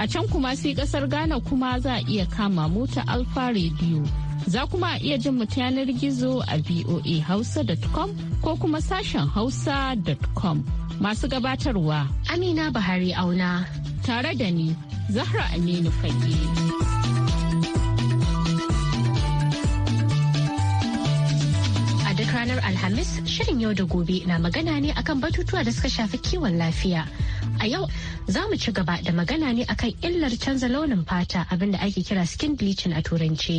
A can kuma sai kasar Ghana kuma za a iya kama mota Alfa Radio. Za kuma iya jin yanar gizo a VOA Hausa.com ko kuma sashen Hausa.com. Masu gabatarwa Amina Bahari Auna. Tare da ni, Zahra Aminu Fage. ranar Alhamis shirin yau da gobe na magana ne akan batutuwa da suka shafi kiwon lafiya. A yau za mu ci gaba da magana ne akan illar canza launin fata abinda ake kira skin bleaching a turanci.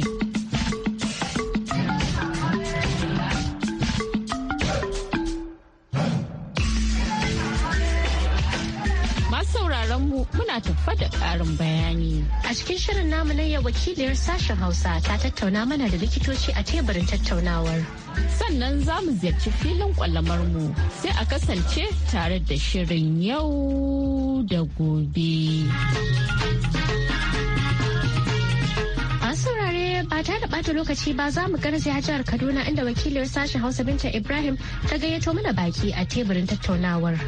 mu muna tafa da ƙarin bayani. A cikin shirin namu na yau wakiliyar sashen Hausa ta tattauna mana da likitoci a teburin tattaunawar. Sannan za mu ziyarci filin kwallamar mu sai a kasance tare da shirin yau da gobe. saurare ba ta da bata lokaci ba za mu garzaya jihar Kaduna inda wakiliyar sashen Hausa Binta Ibrahim ta gayyato mana baki a teburin tattaunawar.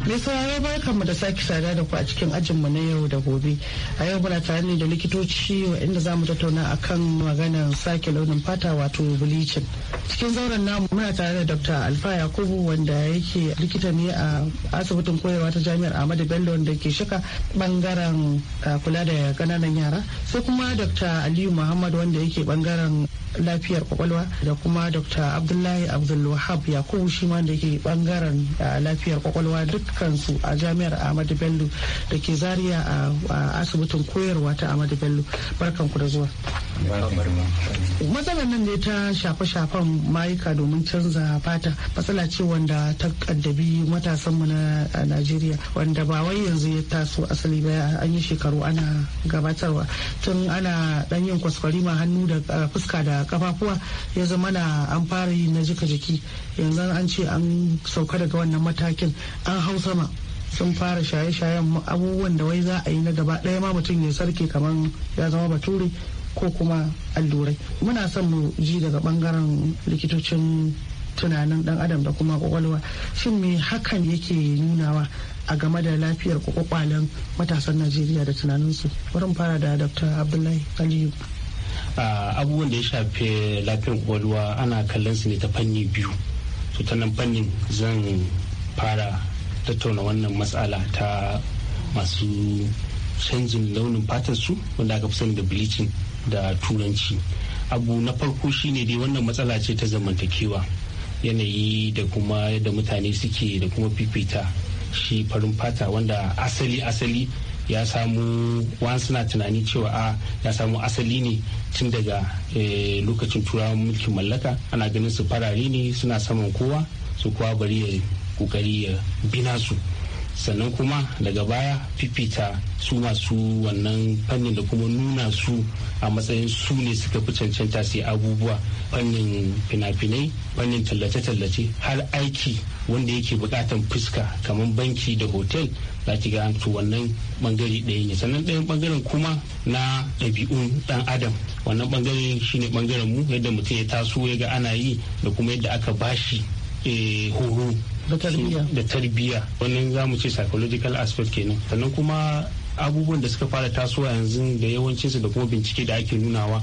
Mai sauraro mu da sake sada da ku a cikin ajinmu na yau da gobe. A yau muna tare ne da likitoci inda za mu tattauna a kan maganar sake launin fata wato bleaching. Cikin zauren namu muna tare da Dr. Alfa Yakubu wanda yake likita ne a asibitin koyarwa ta Jami'ar Ahmadu Bello wanda ke shika bangaren ah, kula da kananan yara. Sai kuma Dr. Aliyu Muhammad wanda yake bangaren lafiyar kwakwalwa da kuma dr abdullahi abdulwahab yakubu shi ma da ke bangaren lafiyar kwakwalwa dukkansu a jami'ar ahmadu bello da ke Zariya a asibitin koyarwa ta ahmadu bello barkan ku da zuwa matsalar nan ne ta shafe-shafen mayuka domin canza fata matsala ce wanda ta kaddabi matasanmu na najeriya wanda ba wai yanzu ya taso asali ba an yi shekaru ana gabatarwa tun ana dan yin kwaskwari ma hannu da fuska da kafafuwa ya zama na an fara yi na jika jiki yanzu an ce an sauka daga wannan matakin an hau sama sun fara shaye-shayen abubuwan da wai za a yi na gaba ɗaya ma mutum ya sarke kamar ya zama bature ko kuma allurai muna son mu ji daga bangaren likitocin tunanin dan adam da kuma kwakwalwa shin me hakan yake nunawa a game da lafiyar kwakwalen matasan najeriya da tunaninsu wurin fara da dr abdullahi aliyu abubuwan da ya shafi lafiyar kwakwalwa ana kallon su ne ta fanni biyu to ta nan fannin zan fara tattauna wannan matsala ta masu canjin launin fatar su wanda aka fi sani da bleaching da turanci abu na farko shine dai wannan matsala ce ta zamantakewa yanayi da kuma yadda mutane suke da kuma fifita shi farin fata wanda asali asali ya samu wani suna tunani cewa a ya samu asali ne tun daga eh, lokacin turawan mulkin mallaka ana ganin su farare ne suna saman kowa su kuwa bari ya kokari ya bina su sannan kuma daga baya fifita su masu wannan fannin da kuma nuna su a matsayin su ne suka fi cancanta su abubuwa fannin fina-finai fannin tallace-tallace har aiki wanda yake bukatan fuska kamar banki da hotel za ki ga to wannan bangare ɗaya ne sannan ɗayan bangaren kuma na ɗabi'un ɗan adam wannan bangaren shine bangaren mu yadda mutum ya taso ya ga ana yi da kuma yadda aka bashi eh, horo da tarbiyya wannan za mu ce psychological aspect kenan sannan kuma abubuwan da suka fara tasowa yanzu da yawancinsu da kuma bincike da ake nunawa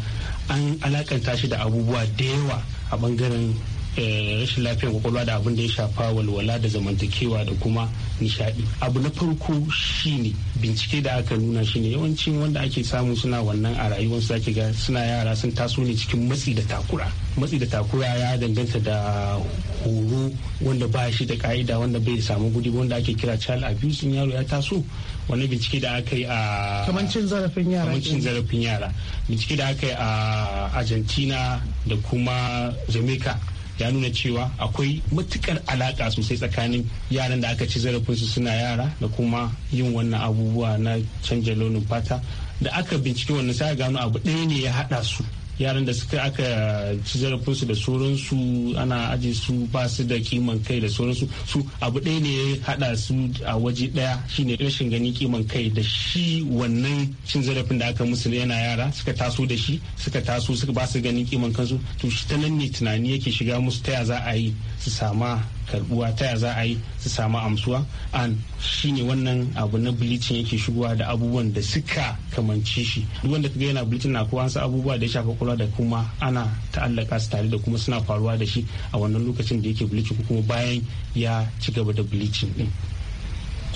an alakanta shi da abubuwa da yawa a bangaren Eh, rashin lafiyar kwakwalwa da abin da ya shafa walwala da zamantakewa da kuma nishadi abu na farko shine bincike da aka nuna shine yawancin wanda ake samu suna wannan a rayuwarsu zaki ga suna yara sun taso ne cikin matsi da takura matsi da takura ya danganta da horo wanda ba shi da ka'ida wanda bai samu gudi wanda ake kira child abuse in yaro ya taso wani bincike da aka yi a kamancin zarafin yara kamancin zarafin yara bincike da aka yi a argentina da kuma jamaica ya nuna cewa akwai matukar alaka sosai tsakanin yaran da aka ci su suna yara da kuma yin wannan abubuwa na canja launin fata da aka bincike wannan sai gano abu ɗaya ne ya haɗa su yaran da suka aka ci zarafinsu da sauransu ana aji su ba su da kiman kai da sauransu su abu ɗaya ne ya haɗa su a waje ɗaya shine rashin ganin kiman kai da shi wannan cin zarafin da aka musu yana yara suka taso da shi suka taso suka ba su ganin kiman kansu to shi ta nan ne tunani yake shiga musu ta ya za a yi su sama karbuwa ta za a yi su samu amsuwa an shine wannan abu na bleaching yake shigowa da abubuwan da suka kamance shi duk wanda kaga yana bleaching na kowa wasu abubuwa da ya shafa kula da kuma ana ta'allaka su tare da kuma suna faruwa da shi a wannan lokacin da yake bleaching ko kuma bayan ya ci gaba da bilicin. din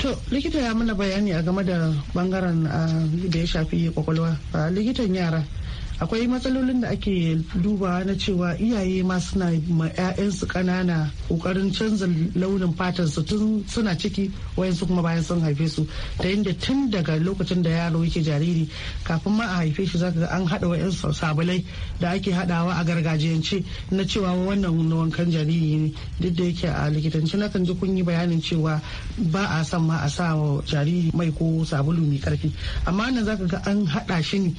To likita ya mana bayani a game da bangaren ah, da ya shafi kwakwalwa ah, likitan yara akwai matsalolin da ake dubawa na cewa iyaye ma suna ma 'ya'yansu ƙanana ƙoƙarin canza launin fatar su tun suna ciki wayansu kuma bayan sun haife su ta yadda tun daga lokacin da yaro yake jariri kafin ma a haife shi zaka ga an haɗa wayansu sabulai da ake haɗawa a gargajiyance na cewa wannan wankan jariri ne duk da yake a likitanci na kan ji kun yi bayanin cewa ba a san ma a sa wa jariri mai ko sabulu mai karfi amma nan zaka ga an haɗa shi ne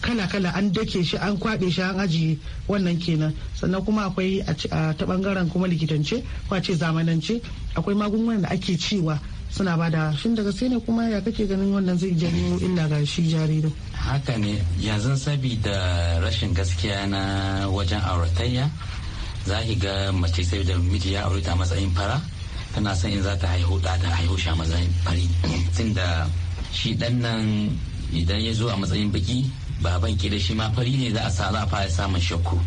kala-kala an dai yake shi an kwaɓe shi an ajiye wannan kenan sannan kuma akwai a ta bangaren kuma likitance ko a ce zamanance akwai magungunan da ake cewa suna ba da shi daga sai ne kuma ya kake ganin wannan zai janyo illa ga shi jaririn haka ne yanzu sabida rashin gaskiya na wajen auratayya za ki ga mace sai miji ya aure ta matsayin fara tana son in za ta haihu da ta haihu shi a matsayin fari tunda shi dan nan idan ya zo a matsayin baki baban da shi ma fari ne za a sa za a fara samun shakku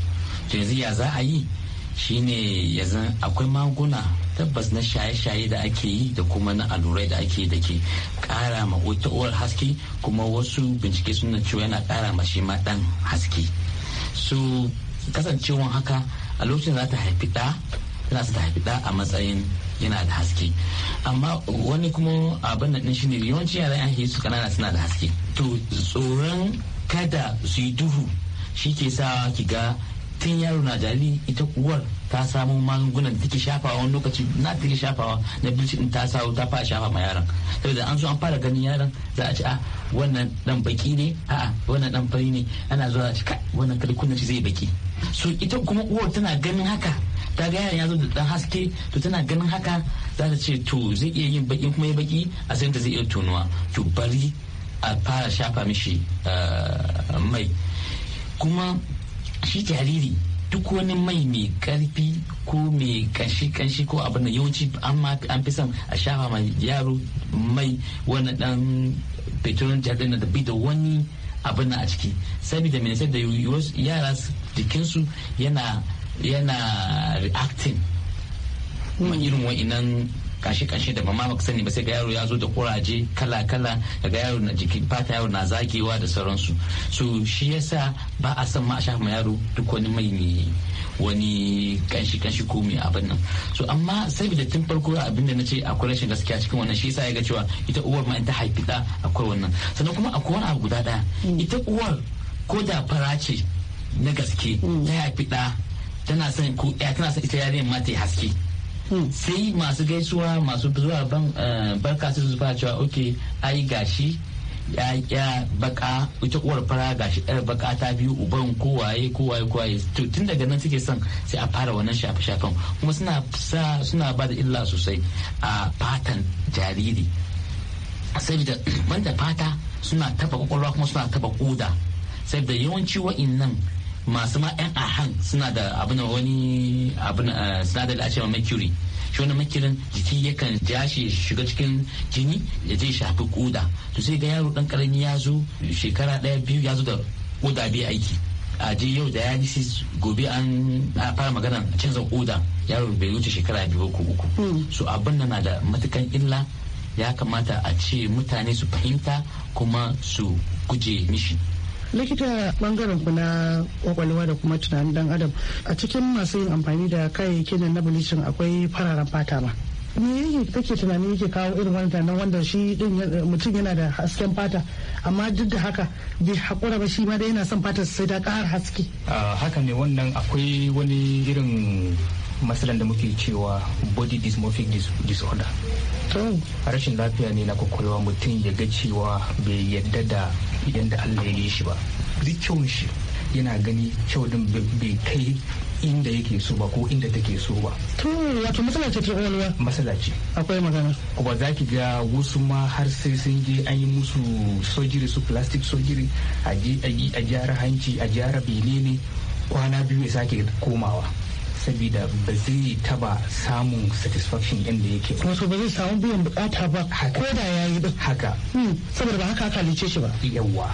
to yanzu ya za a yi shine yanzu akwai maguna tabbas na shaye-shaye da ake yi da kuma na alurai da ake da ke kara ma wata uwar haske kuma wasu bincike suna cewa yana kara ma shi ma dan haske su kasancewan haka a lokacin za ta haifi da tana ta haifi da a matsayin yana da haske amma wani kuma abin da shi ne yawanci yara yan su kanana suna da haske to tsoron kada su yi duhu shi ke sa ki ga tun yaro na jari ita uwar ta samu magungunan da take shafawa wani lokaci na take shafawa na bilci din ta sa ta fara shafa ma yaron saboda an so an fara ganin yaron za a ci a ah, wannan dan baki ne a'a wannan dan fari ne ana zuwa a ci kai wannan kalkunan shi zai baki so ita kuma uwar tana ganin haka ta ga yaron ya zo da dan haske to tana ganin haka za ta ce to zai iya yin baki kuma ya baki a sai ta zai iya tonuwa to bari a fara shafa mishi eh, mai kuma shi jariri duk wani mai mai karfi ko mai kanshi kanshi ko abin da yawanci an fi son a shafa ma yaro mai wani dan petrol jardin da bi da wani abin a ciki saboda mai da yara jikinsu yana yana reacting kuma hmm. irin wa'inan kashi kashi da mama baka sani ba sai ga yaro ya zo da kuraje kala kala ga yaro na jiki fata yaro na zagewa da sauransu so shi yasa ba a san ma a shafa yaro duk wani mai ne wani kanshi kanshi ko mai abin nan so amma da tun farko abin da na ce akwai rashin gaskiya cikin wannan shi yasa ya ga cewa ita uwar ma in ta haifi da akwai wannan sannan kuma akwai wani abu guda daya mm. ita uwar ko da fara ce na gaske mm. ta haifi da tana son ko eh, tana son ita yarinyar ma ta yi haske sai masu gaisuwa masu zuwa eh, barka su zuba cewa ok ai gashi ya baka ita uwar fara gashi yar eh, baka ta biyu uban kowaye kowaye kowaye to tun daga nan suke son sai a fara wannan shafe shafen kuma suna ba da illa sosai a fatan jariri saboda banda fata suna taba kwakwalwa kuma suna taba koda saboda yawanci wa'in nan masu ma yan ahan suna da abin wani abin eh, sinadari a cewa mercury shi wani makirin jiki yakan ja shi shiga cikin jini ya je shafi koda to sai ga yaro dan karami ya zo shekara daya biyu ya zo da koda biyu aiki a je yau da dialysis gobe an fara magana canza koda yaro bai wuce shekara biyu ko uku hmm. so abin nan na da matukan illa ya kamata a ce mutane su fahimta kuma su guje mishi likita bangaren ku na kwakwalwa da kuma tunanin dan adam a cikin masu yin amfani da kayayyakin na bleaching akwai fararen fata ma me yake kake tunanin yake kawo irin wannan nan wanda shi din mutum yana da hasken fata amma duk da haka bai hakura ba shi ma da yana son fata sai ta ƙara haske haka ne wannan akwai wani irin matsalan da muke cewa body dysmorphic disorder rashin lafiya ne na kwakwalwa mutum ya ga cewa bai yadda da yadda allah ya yi shi ba duk kyau shi yana gani kyau din bai kai inda yake so ba ko inda take so ba. Tun wato matsala ce ta kwakwalwa? Matsala ce. Akwai magana. Kuma za ki ga wasu ma har sai sun je an yi musu sojiri su plastic sojiri a gyara hanci a gyara bene ne kwana biyu ya sake komawa. saboda ba zai taba samun satisfaction inda yake ba ba zai samu biyan bukata ba ko da ya yi ba haka hmm, saboda ba haka aka lice shi ba yawwa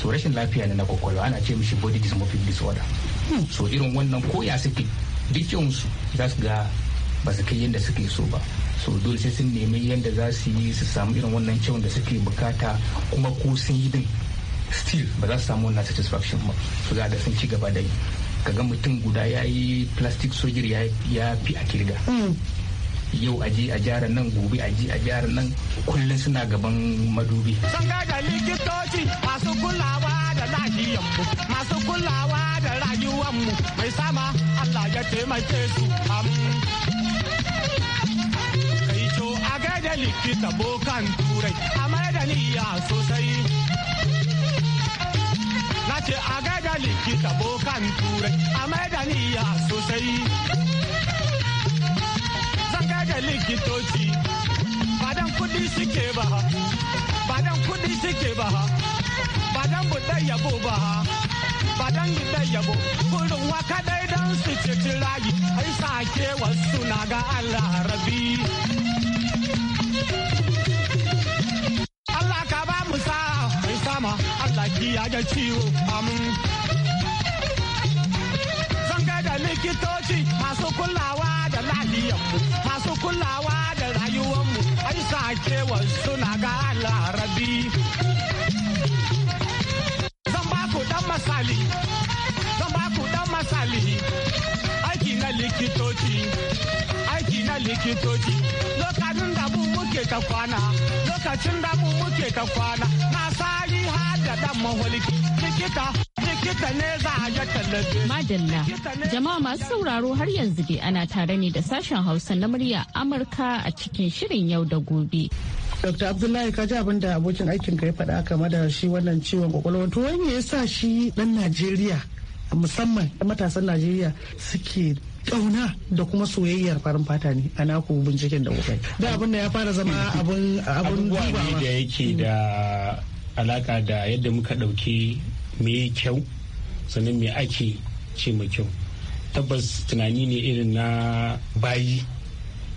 so rashin lafiya ne na kwakwalwa ana ce mishi body dysmorphic disorder hmm. so irin wannan ya suke dukkansu za su ga ba su kai yadda suke so ba so dole sai sun nemi yadda za su yi su samu irin wannan kyau da suke bukata kuma ko sun yi din still ba za su samu wannan satisfaction ba so za da sun ci gaba da yi ka ga mutum guda ya yi plastic surgery ya fi a kirga mm. yau aje a jara nan gobe aje a jara nan kullum suna gaban madubi. Sun da likitoci masu kulawa da mu masu kulawa da rayuwanmu mai sama Allah ya taimake su Kai to a gaida likita bokan turai a mai da niyya sosai. ce a gaida likita kan turai a maida niyya sosai zan gaida likitoci badan kudi suke ba badan kudi suke ba badan budan yabo ba badan gidan yabo burin waka dai dan su ce tirayi ai sake wasu na ga Allah rabi da ciwo amin. Zan da likitoci masu kulawa da lahiyanmu, masu kulawa da rayuwanmu, ai sakewar suna ga larabi. Zan ba ku dan masali, zan ba ku dan masali, aiki na likitoci, aiki na likitoci, lokacin da mu muke ta kwana, lokacin da mu muke ta kwana. dan Madalla, jama'a masu sauraro har yanzu dai ana tare ne da sashen Hausa na murya Amurka a cikin shirin yau da gobe. Dr. Abdullahi ka ji abin abokin aikin ka ya faɗa game da shi wannan ciwon kwakwalwa. To wani ya sa shi ɗan Najeriya musamman matasan Najeriya suke ƙauna da kuma soyayyar farin fata ne a naku binciken da kuka da abin da ya fara zama abin abin da yake da alaka da yadda muka ɗauki me kyau sannan me ake ce mai kyau tabbas tunani ne irin na bayi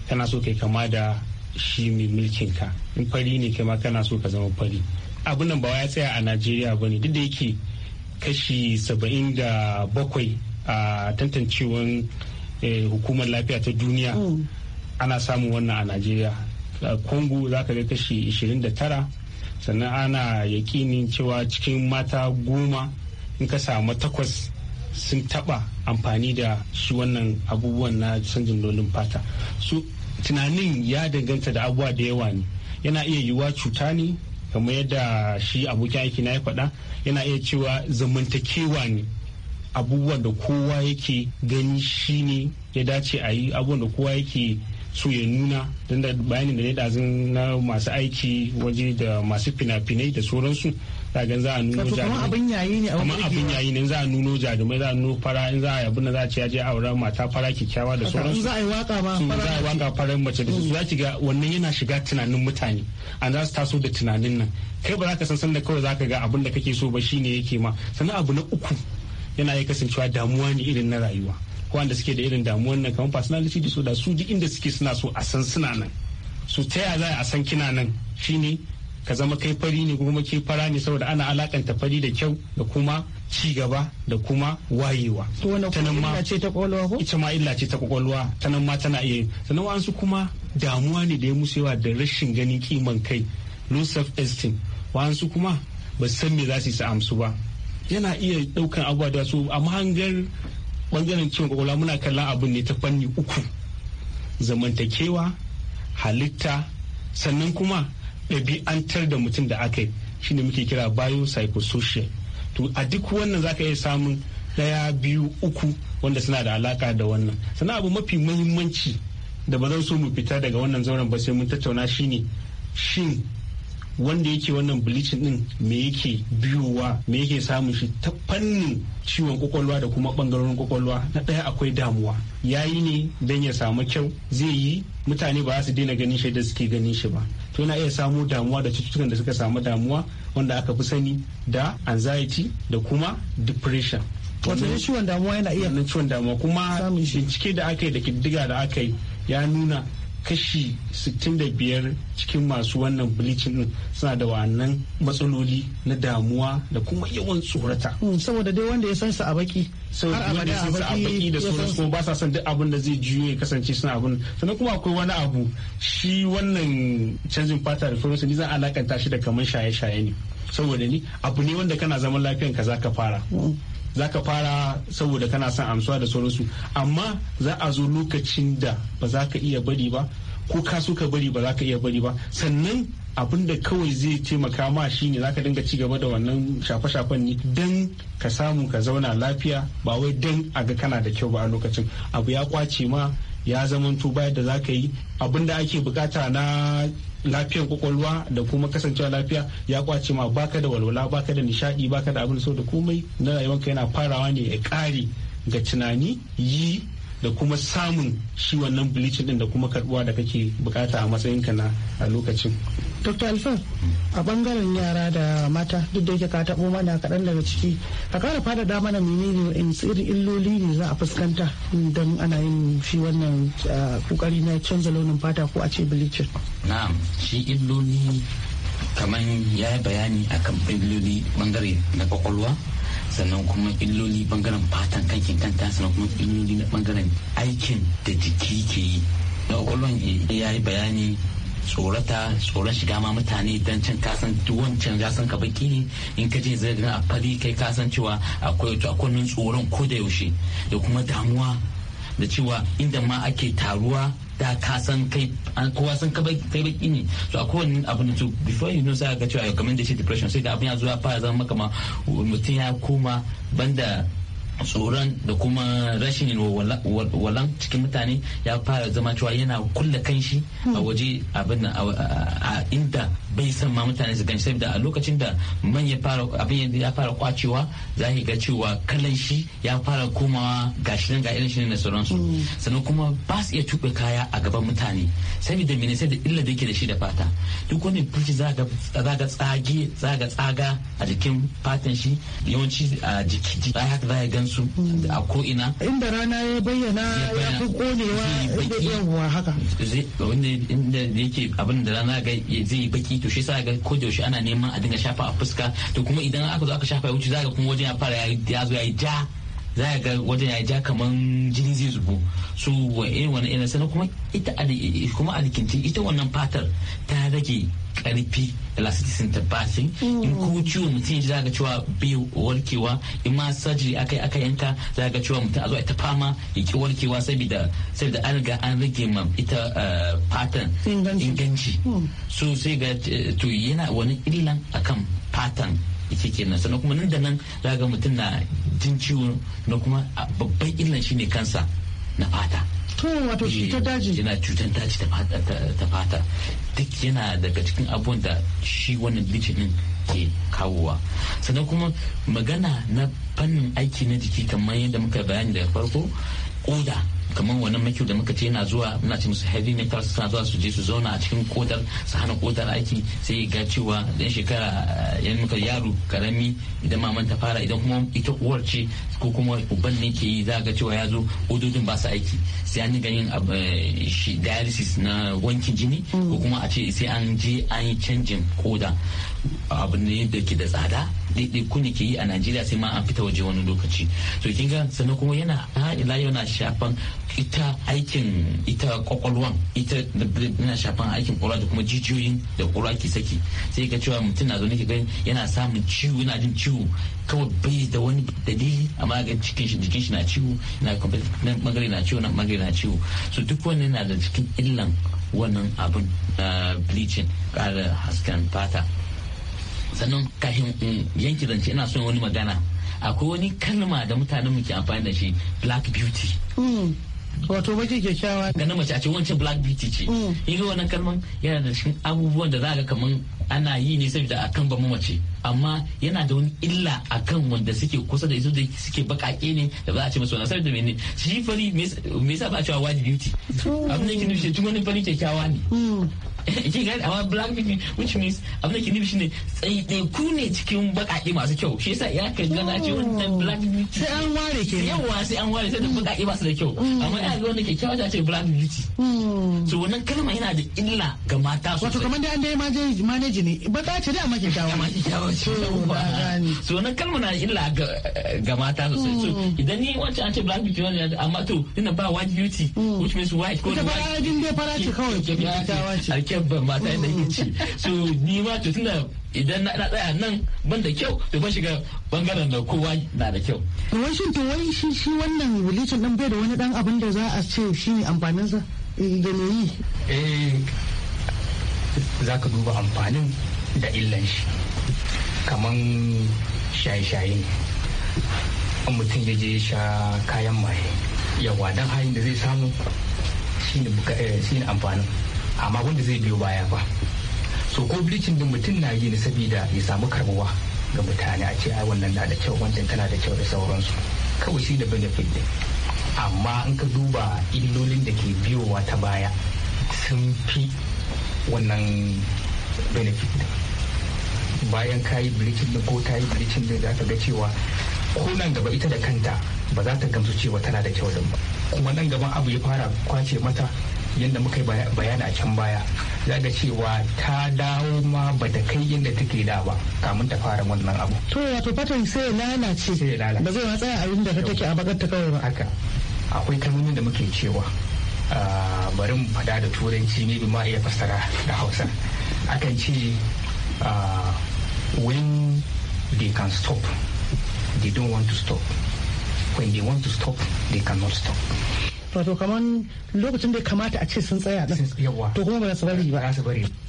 kana so kai kama da shi mai mulkin in fari ne kai ma kana so ka zama fari abin nan ba ya tsaya a najeriya ba ne duk da yake kashi saba'in da bakwai a tantancewan eh, hukumar lafiya ta duniya mm. ana samun wannan a najeriya kongo za ka ga kashi tara. sannan ana yakinin cewa cikin mata goma in ka samu takwas sun taba amfani da shi wannan abubuwan na canjin lolin fata su tunanin ya danganta da abubuwa da yawa ne yana iya yiwuwa cuta ne kamar yadda shi abokin aiki na ya faɗa yana iya cewa zamantakewa ne abubuwan da kowa yake gani shi ne ya dace a yi abubuwan da kowa yake su ya nuna don da bayanin da ne ɗazin na masu aiki waje da masu fina-finai da sauransu dagan za a nuno jarumai kamar abin yayi ne yayi ne za a nuno jarumai za a nuno fara in za a yabi na za a ce je auren mata fara kyakkyawa da sauransu za a yi waka ba fara za a yi waka fara mace da su za ki ga wannan yana shiga tunanin mutane an za su taso da tunanin nan kai ba za ka san sanda kawai za ka ga abin da kake so ba shine yake ma sannan abu na uku yana ya kasancewa damuwa ne irin na rayuwa wanda suke da irin damuwan nan kamar personality da su duk inda suke suna so a san suna nan su ta yaya za a san kina nan shine ka zama kai fari ne kuma ke fara ne saboda ana alakanta fari da kyau da kuma ci gaba da kuma wayewa. To illa ce ta kwakwalwa ko? Ita ma illa ce ta kwakwalwa ma tana iya sannan wa'ansu kuma damuwa ne da ya musu yawa da rashin ganin kiman kai low self esteem wa'ansu kuma ba san me za su yi su amsu ba. Yana iya ɗaukan abubuwa da su a mahangar bangaren kiwon kwakwalwa muna kallon abin ne ta fanni uku zamantakewa halitta sannan kuma ɗabi'antar da mutum da aka yi shine muke kira biopsychosocial to a duk wannan zaka iya samun ɗaya biyu uku wanda suna da alaka da wannan sannan abu mafi muhimmanci da ba zan so mu fita daga wannan zauren ba sai mun tattauna shine shin wanda yake wannan bleaching din me yake biyowa me yake samun shi ta fannin ciwon kwakwalwa da kuma bangarorin kwakwalwa na ɗaya akwai damuwa yayi ne dan ya samu kyau zai yi mutane ba za su daina ganin shi da suke ganin shi ba to yana iya samu damuwa da cututtukan da suka samu damuwa wanda aka fi sani da anxiety da kuma depression wato ciwon damuwa yana iya ciwon damuwa kuma bincike da aka yi da kiddiga da aka yi ya nuna kashi 65 cikin masu wannan bleaching din suna da wannan matsaloli na damuwa da kuma yawan tsorata. Hmm, saboda dai wanda ya san sa a baki har abada a baki da sauran kuma ba sa son duk abin da zai juyo ya kasance suna abin sannan kuma akwai wani abu shi wannan canjin fata da furosin zan alakanta shi da kamar shaye-shaye ne saboda ni abu ne wanda kana zaman lafiyan ka za ka fara hmm. za ka fara saboda kana son amsuwa da sauransu amma za a zo lokacin da ba za ka iya bari ba ko ka so ka bari ba za ka iya bari ba sannan abin da kawai zai taimaka ma shi ne za ka dinga ci gaba da wannan shafe-shafen ne don ka samu ka zauna lafiya ba wai don a ga kana da kyau ba a lokacin abu ya kwace ma ya zamanto bayan da za ka yi abin da ake bukata na lafiyar kwakwalwa da kuma kasancewa lafiya ya kwace ma baka da walwala baka da nishadi baka da abin so da komai na rayuwanka yana farawa ne ya kare ga tunani yi da kuma samun shi wannan bleaching din da kuma karbuwa da kake bukata a matsayinka na a lokacin dr alfan a bangaren yara da mata duk da yake ka taɓo mana kaɗan daga ciki ka kara fada da mana menene in tsiri illoli ne za a fuskanta don ana yin shi wannan kokari na canza launin fata ko a ce bleaching na'am shi illoli kamar ya yi bayani a kan illoli bangare na kwakwalwa sannan kuma illoli bangaren fatan kankin kanta sannan kuma illoli na bangaren aikin da jiki ke yi na kwakwalwan ya yi bayani tsorata tsoron shiga ma mutane don can kasan wancan ya san ka baki ne in ka je zai a fali kai kasan cewa akwai akwai tsoron ko da yaushe da kuma damuwa da cewa inda ma ake taruwa da kasan san kai kowa san ka kai baki ne so akwai wani abu ne to before you know sai ga cewa kamar da shi depression sai da abin ya zo ya fara zama maka mutum ya koma banda tsoron da kuma rashin walan cikin mutane ya fara zama cewa yana kulle kanshi a hmm. waje abin a inda bai san ma mutane su gani saboda a lokacin da man ya fara abin ya fara kwacewa za ga cewa kalan shi ya fara komawa ga shi nan ga irin shi ne da sauransu mm. sannan kuma ba su iya tuɓe kaya a gaban mutane saboda mene sai da illa da yake da shi da fata duk wani fushi za ga tsage za ga tsaga a jikin fatan shi yawanci a jiki za haka za gan su mm. a ko ina inda rana ya bayyana ya fi konewa yawwa haka wanda yake abin da rana ga zai baki to shi sa ga ko yaushe ana neman a dinga shafa a fuska to kuma idan aka zo aka shafa ya wuce za ga kuma wajen ya fara ya zo ya yi ja za ga wajen ya ja kamar jini zai zubo su irin eh, wani irin sana kuma ita kuma alikinti ita wannan fatar ta rage karfi elasticity ta bashin in mm. ko ciwo mutum ya ga cewa biyu warkewa in ma surgery akai aka yanka za ga cewa mutum a zo ita fama ya ki warkewa saboda saboda an riga an rage ma ita eh, fatan inganci mm. so sai ga eh, to yana wani illan akan fatan ita kenan sannan kuma nan da nan za ga mutum na jin ciwo na kuma babban illan shine kansa na fata to wato cutar eh, daji yana cutar daji ta fata duk yana daga cikin abun da shi wannan bleaching ke kawowa sannan kuma magana na fannin aiki na jiki kamar yadda muka bayani daga farko koda kamar wannan makiyo da muka ce yana zuwa muna ce musu heavy metal suna zuwa su je su zauna a cikin kodar su hana kodar aiki sai ga cewa dan shekara eh, yan muka yaro karami idan maman ta fara idan kuma ita uwar ce ko kuma uban ne ke yi za ga cewa ya zo ododin ba su aiki sai an ganin eh, dialysis na wankin jini ko mm. kuma a ce sai an je an yi canjin koda abu ne da ke da tsada daidai ne ke yi a najeriya sai ma an fita waje wani lokaci to kin ga sannan kuma yana ila yana shafan ita aikin ita kwakwalwan ita yana shafan aikin kwakwalwa da kuma jijiyoyin da kwakwalwa ke saki sai ka cewa mutum na zaune ke gani yana samun ciwo yana jin ciwo kawai bai da wani dalili amma ga cikin shi jikin shi na ciwo na bangare na ciwo na bangare na ciwo so duk wani na da cikin illan wannan abun na ah, bleaching ƙara hasken fata sannan kafin yanki zance ina son wani magana akwai wani kalma da mutanen mu ke amfani da shi black beauty hmm. wato baki kyakkyawa ganin mace a ce wancan black beauty ce hmm. in ga wannan kalman yana da cikin abubuwan da za ga kaman ana yi ne saboda akan ba mace amma yana da wani illa akan wanda suke kusa da ita da suke bakake ne da ba a ce musu wannan saboda mene shi fari me yasa ba a cewa white beauty abin da yake nufi tun wani fari kyakkyawa ne hmm. kin gani amma black people which means abin da ke nufi shine ku ne cikin bakake masu kyau shi yasa ya ka gana ce wannan black beauty sai an ware ke yawa sai an ware sai da bakake masu da kyau mm. amma ya ga wanda kyakkyawa ta ce black beauty mm. so wannan kalma yana da illa ga mata sosai wato kamar dai an dai manage ne baka ce da amma kyakkyawa amma kyakkyawa ce so wannan kalma na da illa ga mata sosai so mm. idan ni wacce an ce black beauty wani amma to ina ba white beauty which means white ko da white ita ba rajin dai fara ce kawai kyakkyawa ce dabban mata yadda yake ci so ni ma to tunda idan na tsaya nan ban da kyau to ban shiga bangaren da kowa na da kyau wai shin to wai shi shi wannan wulicin din bai da wani dan abin da za a ce shi ne amfanin sa eh, da me yi eh ka duba amfanin da illan shi kaman shaye-shaye in mutum ya je sha kayan maye yawa dan hanyar da zai samu shi ne eh, amfanin amma wanda zai biyo baya ba so ko bleaching din mutum na yi ne saboda ya samu karbuwa ga mutane a ce ai wannan na da kyau wannan tana da kyau da sauransu kawai shi da benefit din amma in ka duba illolin da ke biyowa ta baya sun fi wannan benefit din bayan ka yi bleaching din ko ta yi bleaching din za ka ga cewa ko nan gaba ita da kanta ba za ta gamsu cewa tana da kyau din ba kuma nan gaban abu ya fara kwace mata yadda muka bayani a can baya za ga cewa ta dawo ma ba da kai yadda take da ba kamun ta fara wannan abu. To wato fatan sai lalace. Sai lalace. Ba zai ma tsaya a da ta take a bakar ta kawai ba. Haka akwai kalmomin da muke cewa ah, bari mu fada da turanci ne bi ma iya fassara da hausa akan ce ah, when they can stop they don't want to stop when they want to stop they cannot stop wato kaman lokacin da ya kamata a ce sun tsaya din to kuma ba za su bari ba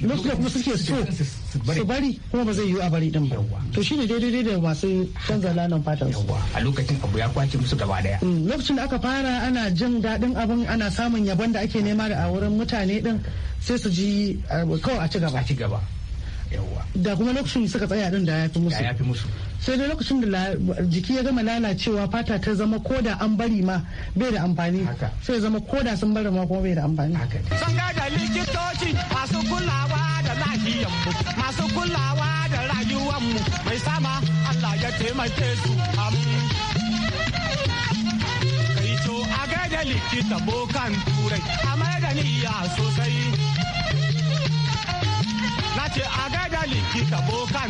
lokacin da kuma suke so su bari kuma ba zai yiwu a bari din ba to shine daidai da masu canza lanan fatan su a lokacin abu ya kwace musu gaba daya mm, lokacin da aka fara ana jin daɗin abin ana samun yabon da ake nema da a wurin mutane din sai su ji eh, kawai a ci gaba a ci gaba yawa da kuma lokacin suka tsaya din da ya fi musu ya fi musu sai dai lokacin da jiki ya gama lalacewa fata ta zama koda an bari ma bai da amfani sai zama koda sun bari ma kuma bai da amfani sun kulawa da masu mai sama Allah ya taimake su kai to likita bokan turai a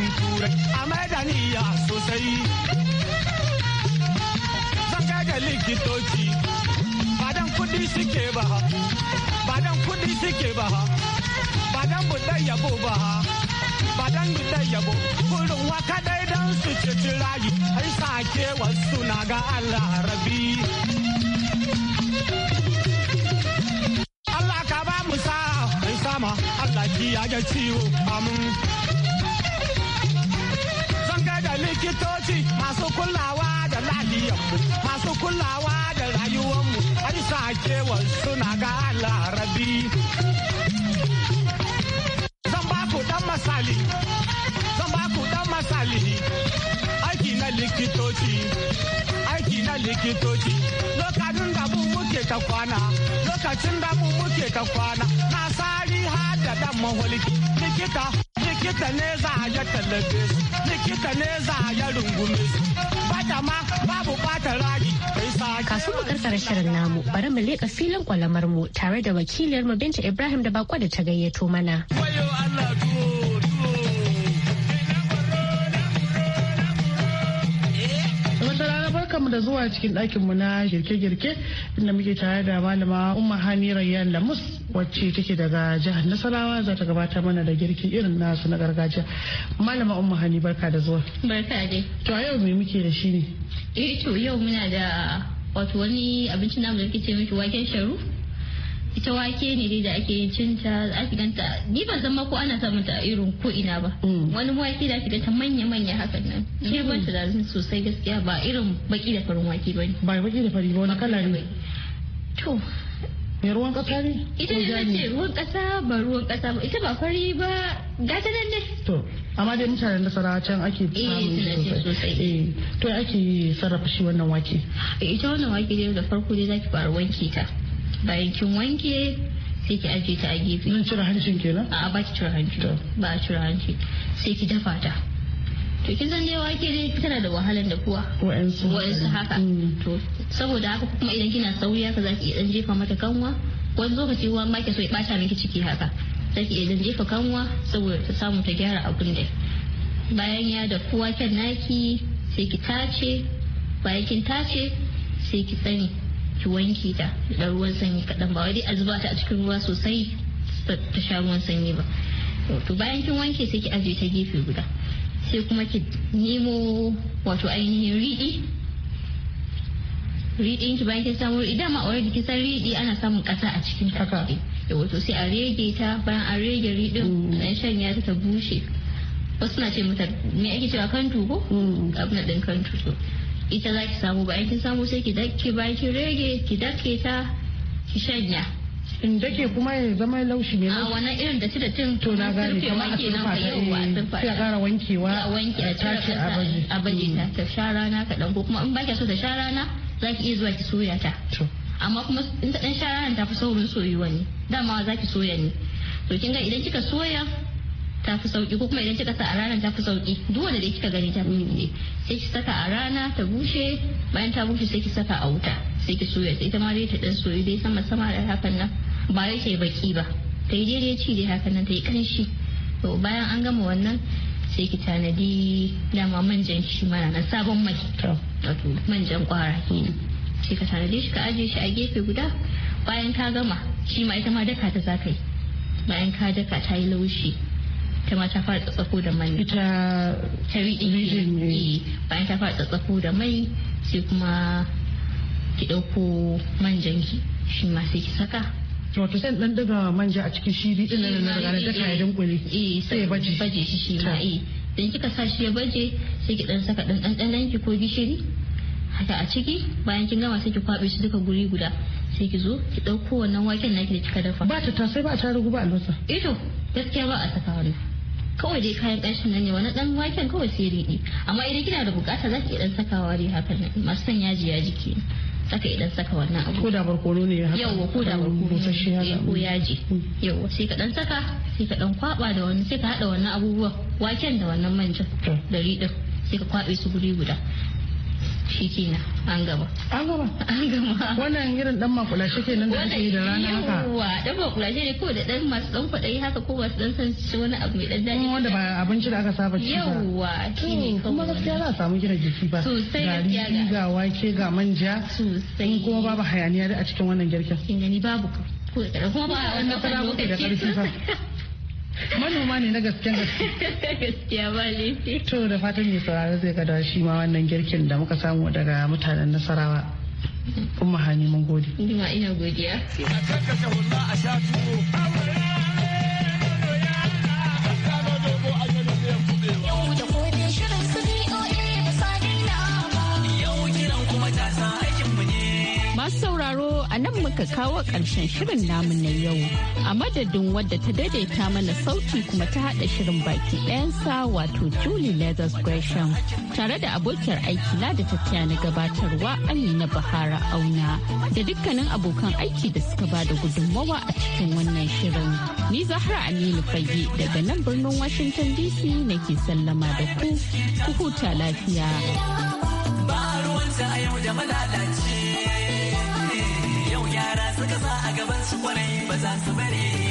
kasashen turai a maidaniya sosai zan da likitoci badan kudi suke ba badan kudi suke ba badan budai yabo ba badan budai yabo kurin waka dai dan su ci rayu har sake wasu na ga Allah rabi Allah ka ba mu sa mai sama Allah ki ya ga ciwo amin likitoci masu kulawa da lahiyanmu masu kulawa da rayuwanmu an sa kewar suna ga larabi zan ba ku dan masali zan ba ku dan masali aiki na likitoci aiki na likitoci lokacin da mu muke ta kwana lokacin da mu muke ta kwana na sari har da dan maholiki likita likita ne za a likita ne za a ya rungume bata ma babu bata ragi kasu mu shirin namu bari mu leƙa filin kwalamar mu tare da wakiliyar mu binta ibrahim da bako da ta gayyato mana. Allah da zuwa cikin ɗakin mu na girke-girke inda muke tare da malama Umma Hani Rayyan Lamus wacce take daga jihar Nasarawa za ta gabatar mana da girki irin nasu na gargajiya. Malama Umma Hani barka da zuwa. Barka dai. To yau me muke da shi ne? Eh to yau muna da wato wani abincin namu da kike mishi waken sharu. ita wake ne dai da ake yin cinta ake ganta ni ban zama ko ana samun ta irin ko ina ba mm. wani wake da ake ganta manya manya hakan nan ke mm. ban ta da sosai gaskiya ba irin baki da farin wake bane ba baki da fari ba wani kala ne to mai ruwan kasa ne ita ne ce ruwan kasa ba ruwan kasa ba ita ba fari ba gata nan ne to amma dai mutanen da sara can ake eh, samun sosai eh, to ake sarrafa shi wannan wake eh, ita wannan wake dai da farko dai zaki fara wanke ta bayan kin wanke sai ki ajiye ta a gefe nan cire hancin kenan a ba ki cire hanci ba a cire hanci sai ki dafa ta to kin san dai wake dai tana da wahalan da kuwa wa'ansu haka mm. to saboda haka kuma idan kina sauri haka zaki iya dan jefa mata kanwa wani lokaci ruwan ma ke so ya bata miki ciki haka zaki iya dan jefa kanwa saboda ta samu ta gyara abun da bayan ya da kuwa kyan naki sai ki tace bayan kin tace sai ki tsani ki wanke ta da ruwan sanyi kaɗan ba wai a zuba ta a cikin ruwa sosai ta sha ruwan sanyi ba to bayan kin wanke sai ki ajiye ta gefe guda sai kuma ki nemo wato ainihin riɗi riɗin ki bayan kin samu riɗi dama already kin san riɗi ana samun ƙasa a cikin da wato sai a rege ta bayan a rege riɗin dan mm. shanya ta ta bushe wasu na ce mata me ake cewa kantu ko mm. abin ɗin kantu ita za ki samu bayan kin samu sai ki dakke bayan ki rage ki dakke ta ki shanya in dake kuma ya zama laushi ne a wannan irin da da tin to na gane kuma a surfa ta yi eh, sai a kara wankewa a wanke a tashi a baje a baje ta ta sha rana kaɗan ko kuma in ba ki so ta shara na za ki iya zuwa ki soya ta amma kuma in ta dan shara ta fi saurin soyuwa ne dama za ki soya ne to kin ga idan kika soya ta fi sauki ko kuma idan kika sa a rana ta fi sauki duk wanda dai kika gani ta ne sai ki saka a rana ta bushe bayan ta bushe sai ki saka a wuta sai ki soya ita ma dai ta dan soyu dai sama sama da hakan nan ba dai ta yi baki ba ta yi daidai ci dai hakan nan ta yi kanshi to bayan an gama wannan sai ki tanadi dama manjan shi mana na sabon mai wato manjan kwara kenan sai ka tanadi shi ka ajiye shi a gefe guda bayan ka gama shi ma ita ma daka ta za bayan ka daka ta yi laushi ita ma ta fara tsatsafo da mai ita ta riɗi bayan ta fara tsatsafo da mai sai kuma ki ɗauko manjan ki shi ma sai ki saka wato sai dan daga manja a cikin shiri din nan na daga da kai dan kuli sai baje baje shi shi ma eh dan kika sa shi ya baje sai ki dan saka dan dan ki ko gishiri haka a ciki bayan kin gama sai ki kwabe shi duka guri guda sai ki zo ki dauko wannan waken naki da kika dafa ba ta sai ba ta rugu ba albasa eh to gaskiya ba a saka wani kawai dai kayan ƙanshin nan ne wani dan waken kawai sai riɗi amma idan kina da bukata za ki dan sakawa dai hakan nan masu son yaji ya jiki saka idan saka wannan abu ko da barkono ne haka yawa ko da barkono ne eh, ko yaji yawa sai ka dan saka sai ka dan kwaba da wani sai ka hada wannan abubuwa waken da wannan manjan da riɗin sai ka kwabe su guri guda shikenan an gaba an gaba an gaba wannan irin dan makulashe ke nan da ake yi da rana haka yawa dan makulashe ne ko da dan masu dan kwadayi haka ko masu dan san shi wani abu mai dan daɗi wanda ba abinci da aka saba ci ba yawa shine kuma gaskiya za a samu gina jiki ba sosai gaskiya ga ga wake ga manja sosai kuma babu hayaniya da a cikin wannan girkin kin gani babu ko kuma ba wannan lokaci manoma ne na gasken gaske gaskiya ba laifi to da fatan mai saurari zai gada shi ma wannan girkin da muka samu daga mutanen nasarawa umma hani mun gode ni ma ina godiya Masu sauraro a nan muka kawo ƙarshen shirin namu na yau a madadin wadda ta daidaita mana sauti kuma ta haɗa shirin baki ɗayansa wato Julie Leathers Gresham tare da abokiyar aiki na da tafiya na gabatarwa Amina Bahara Auna da dukkanin abokan aiki da suka ba da gudunmawa a cikin wannan shirin. Ni Zahra Aminu Fage daga nan birnin Washington DC nake sallama da ku, ku huta lafiya. Ba ruwanta yau da malalaci. suka a gaban su kwarai ba za su bari.